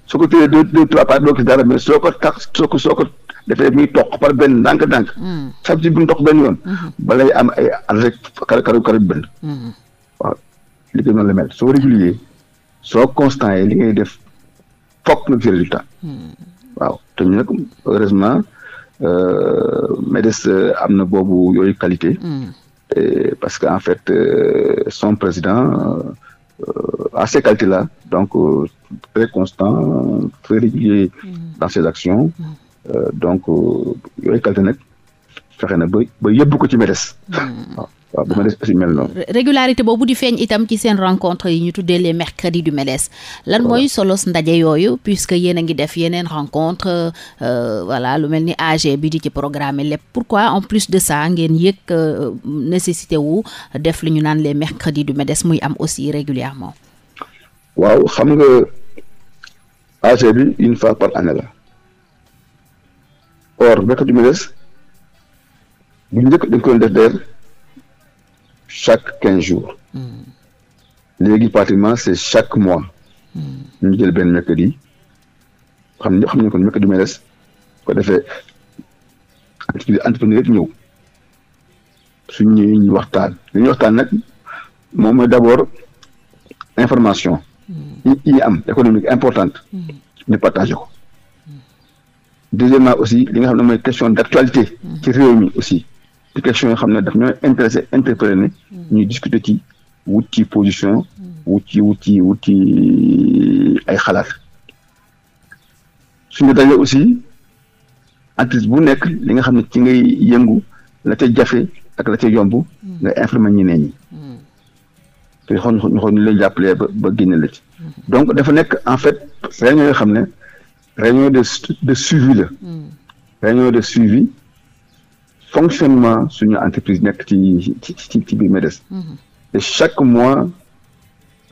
soo ko téye deux deux trois pas doo gis dara mais soo ko tax soo ko soo ko dafay muy toq par benn ndànk-ndànk. xam mm-hmm. ci bu ñu toq benn yoon. Mm-hmm. balay am ay rek kàlla bënn. waaw liggéey noonu la mel soo régulier soo constant yi li ngay def fokk nga ci résultat. te ñu heureusement. Euh, MEDES euh, am na boobu yooyu qualité. Hmm. parce que en fait euh, son président a ces qualités là donc très constant très régulier hmm. dans ses actions hmm. donc yooyu qualité nag fexe na ba ba yóbbu ko ci waaw régularité boobu di feeñ itam ci seen rencontre yi ñu tuddee les mercredis du MEDES. lan mooy solos ndaje yooyu puisque yéen a ngi def yeneen rencontre euh, voilà lu mel ni age bi di ci programme lépp. pourquoi en plus de ça ngeen yëg euh, nécessité wu def lu ñu naan les mercredis du MEDES muy am aussi régulièrement waaw xam nga AG bi une fois par année la or mercredi MEDES bu njëkk dañ ko def d'ailleurs chaque quinze jours hmm. léegi pratiquement c' est chaque mois hmm. ñu jël benn mercredi xam ñëpp xam nañ ko mercredi may des ko defee entrepreneur yëpp ñëw suñ ñëwee waxtaan li waxtaan nag moom mooy d' abord information hmm. yi ñu am économique importante ñu partagé ko deuxièmement aussi li nga xam ne mooy question d' ci réew mi aussi ci question yoo xam ne daf ñoo intéressé interpréter ñu mm. discuter ci wut ci position mm. wut ci wut ci wut ci ay xalaat suñu dajee aussi entreprise bu nekk li nga xam ne ci ngay yëngu la ca jafe ak la ca yomb mm. nga informer ñeneen ñi te xool ñu ñu lay jàppalee ba ba génne la ci dafa nekk en fait réunion yoo xam ne réunion de de suivi la réunion de suivi fonctionnement suñu entreprise nekk ci ci ci bi biir MEDES. Mhm. et chaque mois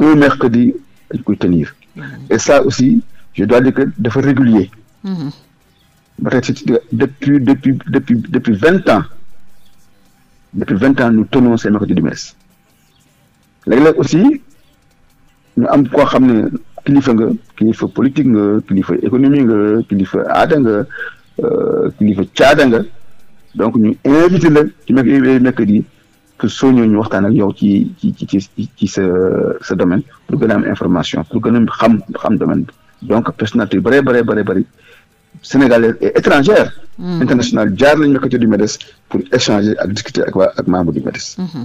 un mercredi dañ koy tenir. Mhm. et ça aussi je dois dire que dafa régulier. Mhm. ba tey depuis depuis depuis depuis vingt ans depuis vingt ans nous tenons ces mercredis du MEDES léeg-léeg aussi ñu am koo xam ne kilifa nga kilifa politique nga kilifa économie nga kilifa aada nga euh, kilifa caada nga. donc ñu invité la ci mercredi que ñu waxtaan ak yow ci ci ci ci sa sa domaine pour gën am information pour gën xam xam domaine bi donc personnalité yu bëree bëree bëri bëri sénégalaise et étrangère mm-hmm. internationale jaar nañu mercredi du MEDES pour échanger ak discuter ak waa ak membre du MEDES mm-hmm.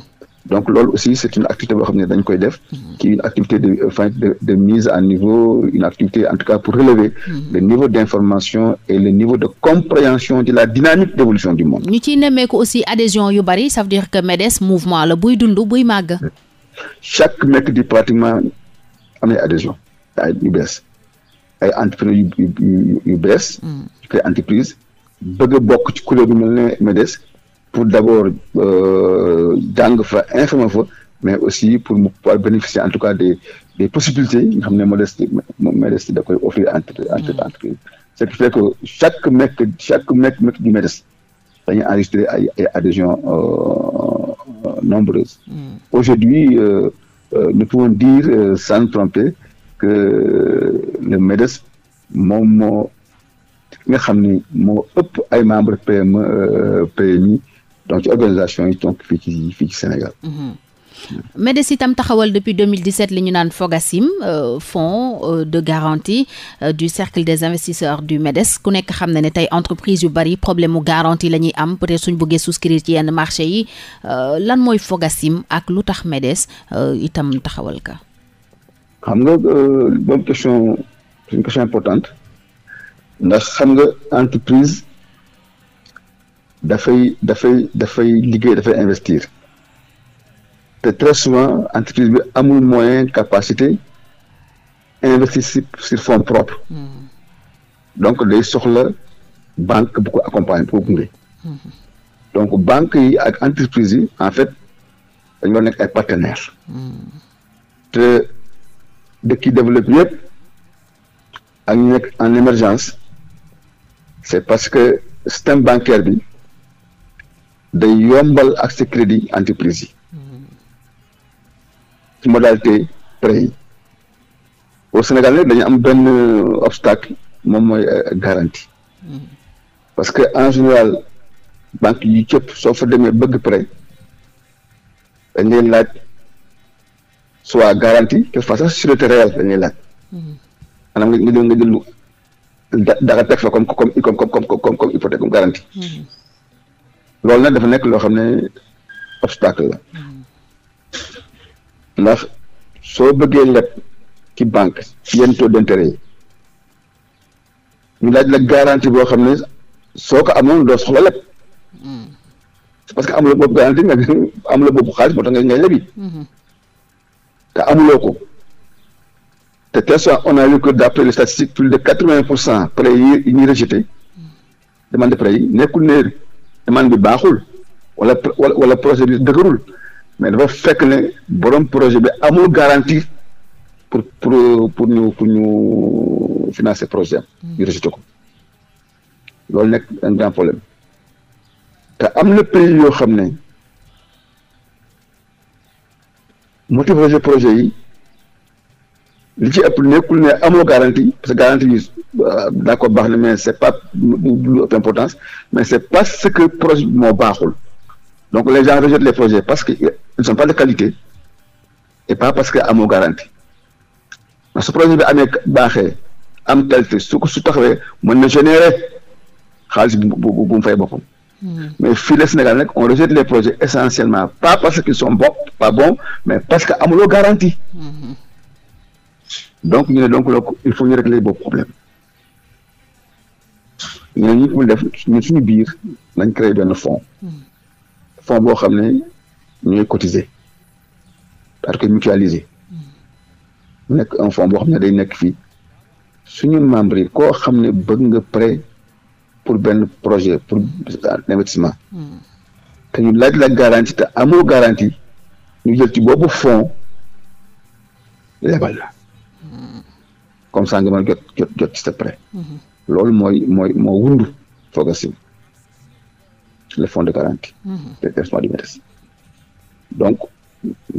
donc loolu aussi c' est une activité boo xam ne dañu koy def qui une activité de euh, de, de mise a niveau une activité en tout cas pour relever hmm. le niveau d' information et le niveau de compréhension de la dynamique d' évolution du monde ñu ciy nemmeeku aussi adhésion yu bari ça veut dire que MEDES mouvement la buy dund buy màgg chaque mercredi pratiquement am na adhésion ay yu bees ay entrepreneur yu bees créé hmm. entreprise bokk ci kuréel bu mel pour d'abord euh, jàng fa informer fa mais aussi pour mu pouvoir bénéficier en tout cas des des possibilités yi nga xam ne Modesty Modesty da koy offrir entre entre hmm. entreprise ce qui fait que chaque mec chaque mec mec du Modesty dañuy enregistré ay ay adhésions euh, nombreuses hmm. aujourd'hui euh, nous pouvons dire sans nous tromper que le MEDES moom moo nga xam ni moo ëpp ay membres PME PMI donc ci organisation yi donc fii ci fii ci Sénégal. MEDES mhm. itam taxawal depuis 2017 li ñu naan FOGASIM euh, fonds euh, de garantie euh, du cercle des investisseurs du MEDES ku nekk xam na ne tey entreprise yu bari problème mu garantie la am peut-être suñ bëggee souscrire ci yenn marché yi lan mooy FOGASIM ak lu tax MEDES itam taxawal ka xam nga boobu question importante ndax xam nga entreprise dafay dafay dafay liggéey dafay investir te très souvent entreprise bi amul moyen capacité investir sur sur fonds propres hmm. donc day soxla banque bu ko accompagner bu ko gunge hmm. donc banque yi ak entreprise yi en fait dañ war nekk ay partenaires hmm. te dëkk yi développé yëpp ak ñu nekk en émergence c'est parce que système bancaire bi day yombal accès crédit entreprise yi ci modalité prêt yi au Sénégal nag dañu am benn obstacle moom mooy euh, garanti parce que en général banque yu cëpp soo fa demee bëgg prêt dañ leen laaj soit garantie quelquefois sax sûreté réelle dañ leen laaj maanaam nga jël nga da lu dara teg fa kom comme comme comme comme comme hypothèque comme garantie loolu nag dafa nekk loo xam ne obstacle la mm-hmm. ndax soo bëggee leb ci banque yenn taux d'intérêt yi ñu laaj la garantie boo xam ne soo ko amoon doo soxla leb mm-hmm. parce que amuloo boobu garantie nga (laughs) amuloo boobu xaalis moo tax nga ngay lebi mm-hmm. te amuloo ko te tel soit on a vu que d'après les statistiques plus de quatre-vingts pour cent prêts yi ñuy rejeté demande prêts yi nekkul ne demande bi baaxul wala wala projet bi dëgërul mais dafa fekk ne borom projet bi amul garantie pour pour pour ñu pour ñu financer projet am. ñu rejeté ko loolu nekk un grand problème te am na pays yoo xam ne motif rejet projet yi. li ci ëpp nekkul ne amoo garantie parce que garantie bi euh, d'accord baax na mais c'est pas lu ëpp importance mais c'est parce que projet bi moo baaxul donc les gens rejettent les projets parce que ils sont pas de qualité et pas parce que amoo garanti mais su projet bi amee baaxee am qualité su ko su taxawee mën na générer xaalis bu bu bu mu fay boppam. Hmm. mais fii la Sénégal nag on rejette les projets essentiellement pas parce qu'ils sont bons pas bons mais parce que amuloo donc ñu ne donc loolu il faut ñu régler boobu problème ñu ne suñu biir nañ créé benn fonds fonds boo xam ne ñooy cotiser parce que mutualiser nekk un fonds boo xam ne day nekk fii suñu membre yi koo xam ne bëgg nga prêt pour benn projet pour investissement te ñu laaj la garantie te amoo garantie ñu jël ci boobu fonds comme ça nga mën jot jot jot ci sa prêt loolu mooy mooy moo wundu foog a le fonds de garantie des donc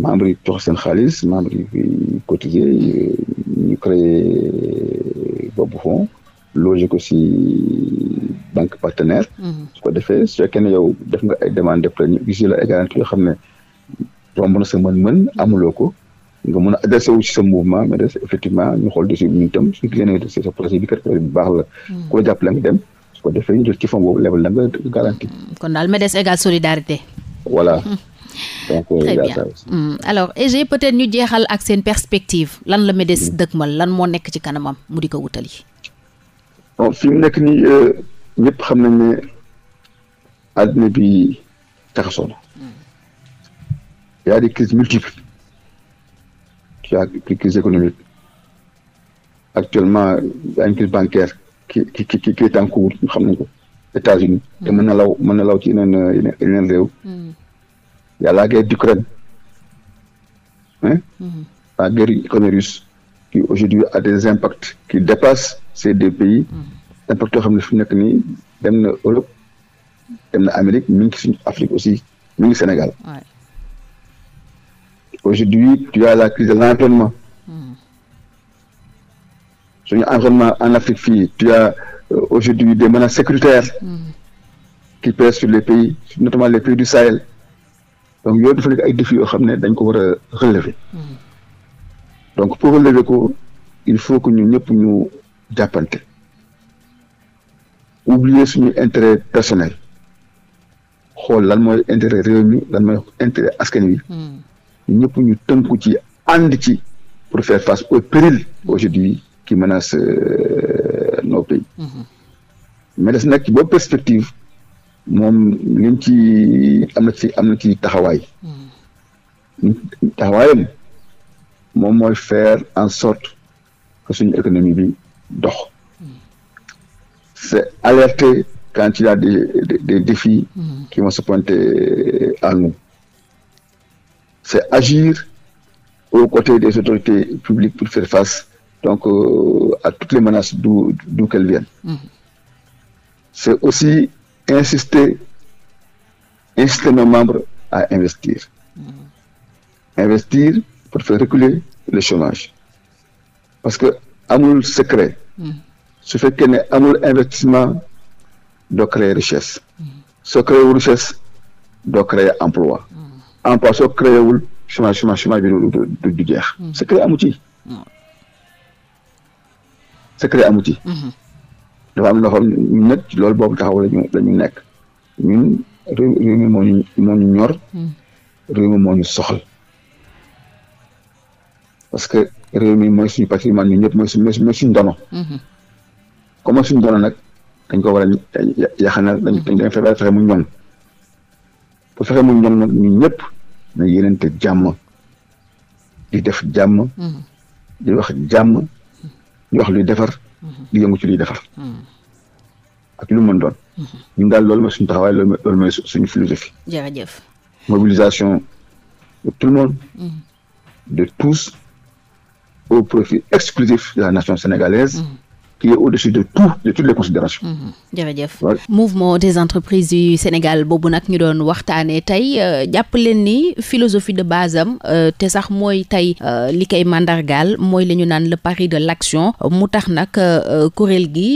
membre yi jox seen xaalis membre yi cotisé ñu créé boobu fonds loger ko banque partenaire ko defee su fekkee ne yow def nga ay demande de prêt ñu gis la ay garantie yoo xam ne romb na sa mën-mën amuloo nga mën a adressé sa mouvement mais des effectivement ñu xool dossier bi ñun tam suñu génne dossier sa projet bi kat bi baax la hmm. ku la jàppale ci fond boobu lebal la nga garanti hmm. kon daal MEDES égale solidarité voilà hmm. donc euh, très bien alors EG peut-être ñu jeexal ak seen perspective lan la ma MEDES ma lan moo nekk ci kanamam mu di ko wutali bon fi mu nekk nii euh, ñëpp xam nañ ne àddina bi taxasoo na y a des crises multiples qui a une crise économique. Actuellement, il y a une crise bancaire qui, qui, qui, qui est en cours, nous savons, États-Unis. Et maintenant, là, il y a la guerre d'Ukraine. Hein? Mm. La guerre économique russe qui aujourd'hui a des impacts qui dépassent ces deux pays. Mm. Impact yoo xam ne fi nekk nii dem na Europe dem na Amérique mi ngi suñu Afrique aussi mi ngi Sénégal. aujourd'hui tu as la crise de l'entraînement suñu environnement en Afrique fii tu as euh, aujourd'hui des menaces sécuritaires qui pèsent sur les pays notamment les pays du Sahel donc yooyu dafa nekk ay défis yoo xam ne dañ ko war a relever donc pour relever ko il faut que ñu ñëpp ñu jàppante oublier suñu intérêt personnel xool lan mooy intérêt réew mi lan mooy intérêt askan wi ñëpp ñu tënku ci ànd ci pour faire face au péril aujourd'hui qui menace euh, nos pays mm-hmm. mais des nag ci boobu perspective moom liñ ci am na ci am na ci taxawaay mm-hmm. taxawaayam moom mooy faire en sorte que suñu économie bi dox mm-hmm. c'est alerter quand a des, défis qui vont se à nous c'est agir aux côtés des autorités publiques pour faire face donc euh, à toutes les menaces d'où d'où qu'elles viennent. Mmh. C'est aussi insister inciter nos membres à investir. Mmh. Investir pour faire reculer le chômage. Parce que amul secret. Mmh. su fekkee ne amul investissement doo créer richesse. Mmh. soo créer richesse doo créer emploi. emploi soo créé wul chômage chômage chômage bi du du jeex. Mm. secret amu ci. secret amu ci. Mm-hmm. dafa am loo xam ne nag loolu boobu nekk ñun réew mi moo ñu moo ñu ñor. Mm. réew mi moo ñu soxal parce que réew mi mooy suñu patrimoine ñun ñëpp mooy suñu mooy suñu ndono. Mm-hmm. comme mooy nag dañ ko war a yaxanal dañ mm-hmm. dañ fexe mu ñoŋ pour fexe mu ñoŋ nag ñun na yénente jàmm di def jàmm di wax jàmm di wax luy defar di yëngu ci luy defar ak lu mën doon ñun daal loolu ma suñu taxawaay loolu mooy suñu philosophie jërëjëf mobilisation de tous au profit exclusif de la nation sénégalaise qui est au-dessus de tout de toutes les considérations. Mhm. jërëjëf mouvement des entreprises yi Sénégal boobu nag ñu doon waxtaanee tey euh, jàpp leen ni philosophie de base am euh, te sax mooy tey euh, li koy mandargaal mooy la ñu naan le pari de l'action mu tax nag kuréel gi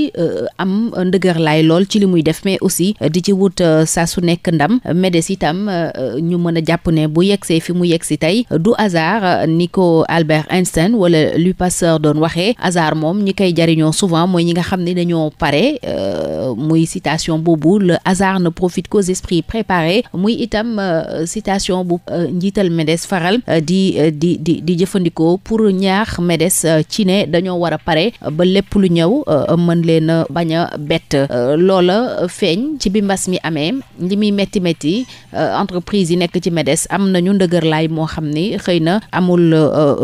am ndëgër laay lool ci li muy def mais aussi di ci wut saa su nekk ndam MEDES itam ñu mën a jàpp ne bu yegsee fi mu yegsi tey du hasard ni ko Albert Einstein wala Louis Pasteur doon waxee hasard moom ñi koy jariñoo souvent souvent mooy ñi nga xam ne dañoo pare euh, muy citation boobu le hasard ne profite qu'aux esprits préparés muy itam euh, citation bu euh, njiital MEDES faral di di di di jëfandikoo pour ñaax MEDES ci ne dañoo war a pare ba lépp lu ñëw mën leen a bañ a bett loola feeñ ci bi mbas mi amee li muy métti métti entreprise yi nekk ci MEDES am nañu ndëgër laay moo xam ni xëy na amul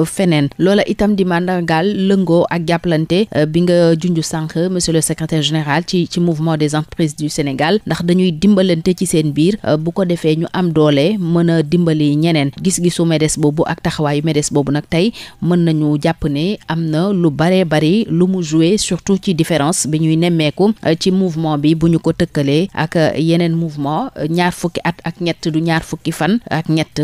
feneen loola itam di màndargaal lëngoo ak jàppalante bi nga junj sànq monsieur le secretaire général ci ci mouvement des entreprises du Sénégal ndax dañuy dimbalante ci seen biir euh, bu ko defee ñu am doole mën a dimbali ñeneen gis-gisu MEDES boobu ak taxawaayu MEDES boobu nag tey mën nañu jàpp ne am na lu baree bari lu mu joué surtout ci différence bi ñuy nemmeeku euh, ci mouvement bi bu ñu ko tëkkalee ak euh, yeneen mouvement ñaar fukki at ak ñett du ñaar fukki fan ak ñett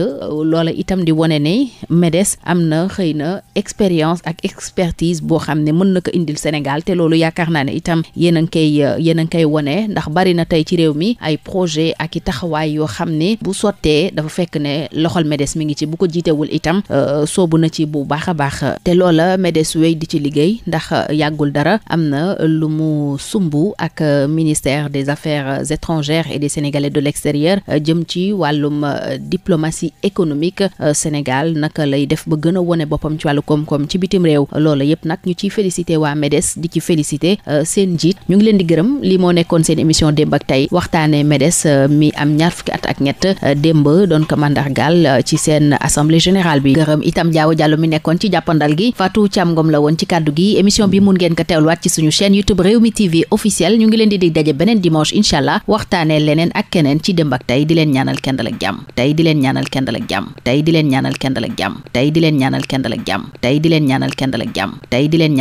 loola itam di wone ni MEDES am na xëy na expérience ak expertise boo xam ne mën na ko indil Sénégal te loolu yaakaar naa ne itam yéen a ngi koy euh, yéen wone ndax bari na tey ci réew mi ay projet ak i taxawaay yoo xam ne bu sottee dafa fekk ne loxol MEDES mi ngi ci bu ko jiitewul itam euh, soobu na ci bu baax a baax te loola MEDES wéy di ci liggéey ndax euh, yàggul dara am na lu mu sumb ak ministère des affaires étrangères et des sénégalais de l'extérieur jëm ci wàllum diplomatie économique Sénégal naka lay def ba gën a wone boppam ci wàllu koom-koom ci bitim réew loola yëpp nag ñu ciy félicité waa ci félicité euh, seen njiit ñu ngi leen di gërëm li moo nekkoon seen émission démb ak tey waxtaane MEDES euh, mi am ñaar fukki at ak ñett euh, démb doon ko mandargaal ci seen assemblée générale bi gërëm itam jaawo jàllo mi nekkoon ci jàppandal gi Fatou Thiam Ngom la woon ci kàddu gi émission bi mun ngeen ko teewluwaat ci suñu chaîne YouTube Rewmi TV officiel ñu ngi leen di dig daje beneen dimanche incha allah waxtaane leneen ak keneen ci démb ak tey di leen ñaanal kendal jàmm tey di leen ñaanal kendal ak jàmm tey di leen ñaanal kendal ak jàmm tey di leen ñaanal kendal jàmm tey di leen ñaanal kendal ak